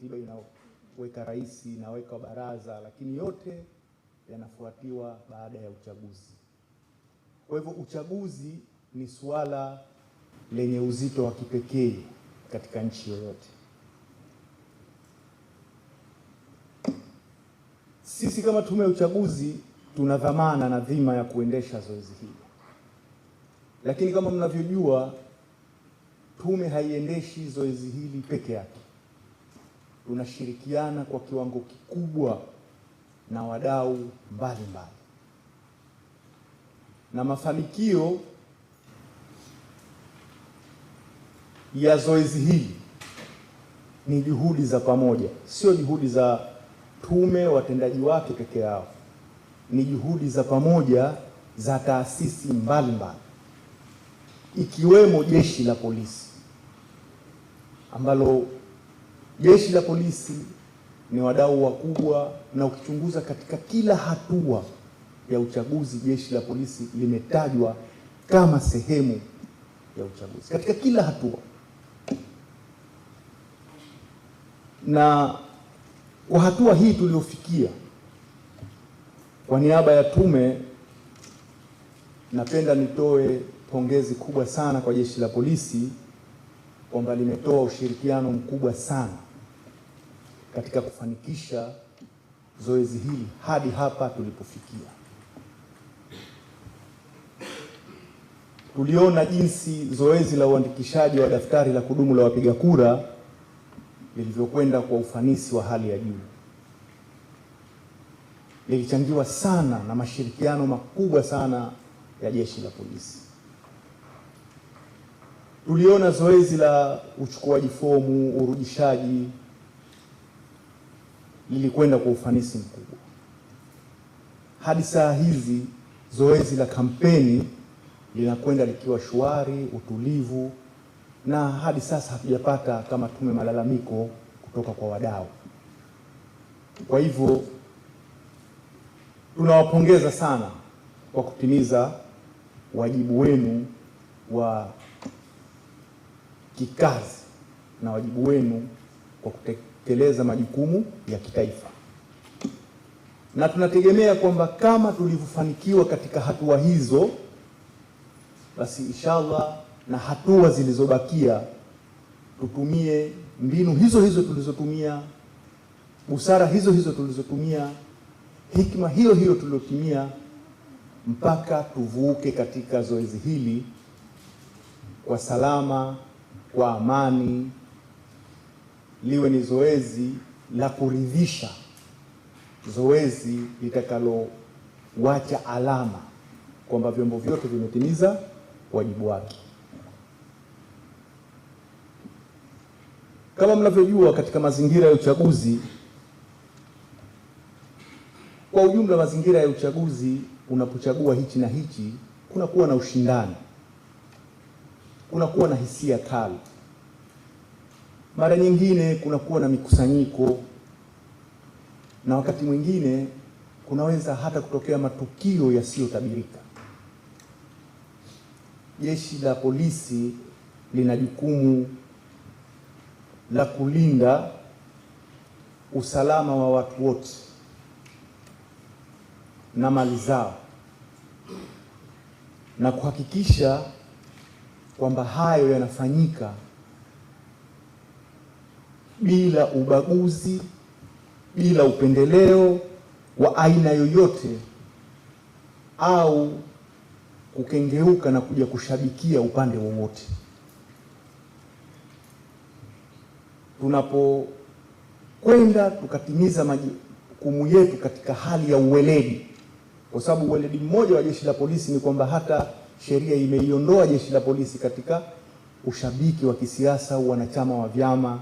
katiba inaweka rais, inaweka baraza, lakini yote yanafuatiwa baada ya uchaguzi. Kwa hivyo uchaguzi ni suala lenye uzito wa kipekee katika nchi yoyote. Sisi kama tume ya uchaguzi tuna dhamana na dhima ya kuendesha zoezi hili, lakini kama mnavyojua, tume haiendeshi zoezi hili peke yake tunashirikiana kwa kiwango kikubwa na wadau mbalimbali, na mafanikio ya zoezi hili ni juhudi za pamoja, sio juhudi za tume watendaji wake peke yao, ni juhudi za pamoja za taasisi mbalimbali ikiwemo jeshi la polisi ambalo Jeshi la polisi ni wadau wakubwa, na ukichunguza katika kila hatua ya uchaguzi, jeshi la polisi limetajwa kama sehemu ya uchaguzi katika kila hatua, na kwa hatua hii tuliofikia, kwa niaba ya tume napenda nitoe pongezi kubwa sana kwa jeshi la polisi kwamba limetoa ushirikiano mkubwa sana katika kufanikisha zoezi hili hadi hapa tulipofikia. Tuliona jinsi zoezi la uandikishaji wa daftari la kudumu la wapiga kura lilivyokwenda kwa ufanisi wa hali ya juu. Lilichangiwa sana na mashirikiano makubwa sana ya jeshi la polisi. Tuliona zoezi la uchukuaji fomu, urudishaji lilikwenda kwa ufanisi mkubwa. Hadi saa hizi zoezi la kampeni linakwenda likiwa shwari, utulivu, na hadi sasa hatujapata kama tume malalamiko kutoka kwa wadau. Kwa hivyo tunawapongeza sana kwa kutimiza wajibu wenu wa kikazi na wajibu wenu kwa kutek kutekeleza majukumu ya kitaifa, na tunategemea kwamba kama tulivyofanikiwa katika hatua hizo, basi inshallah na hatua zilizobakia tutumie mbinu hizo hizo tulizotumia, busara hizo hizo tulizotumia, hikma hiyo hiyo tuliyotumia mpaka tuvuke katika zoezi hili kwa salama, kwa amani liwe ni zoezi la kuridhisha, zoezi litakalowacha alama kwamba vyombo vyote vimetimiza wajibu wake. Kama mnavyojua, katika mazingira ya uchaguzi kwa ujumla, mazingira ya uchaguzi, unapochagua hichi na hichi, kunakuwa na ushindani, kunakuwa na hisia kali. Mara nyingine kunakuwa na mikusanyiko na wakati mwingine kunaweza hata kutokea matukio yasiyotabirika. Jeshi la polisi lina jukumu la kulinda usalama wa watu wote na mali zao na kuhakikisha kwamba hayo yanafanyika bila ubaguzi, bila upendeleo wa aina yoyote au kukengeuka na kuja kushabikia upande wowote. Tunapokwenda tukatimiza majukumu yetu katika hali ya uweledi, kwa sababu uweledi mmoja wa jeshi la polisi ni kwamba hata sheria imeiondoa jeshi la polisi katika ushabiki wa kisiasa, wanachama wa vyama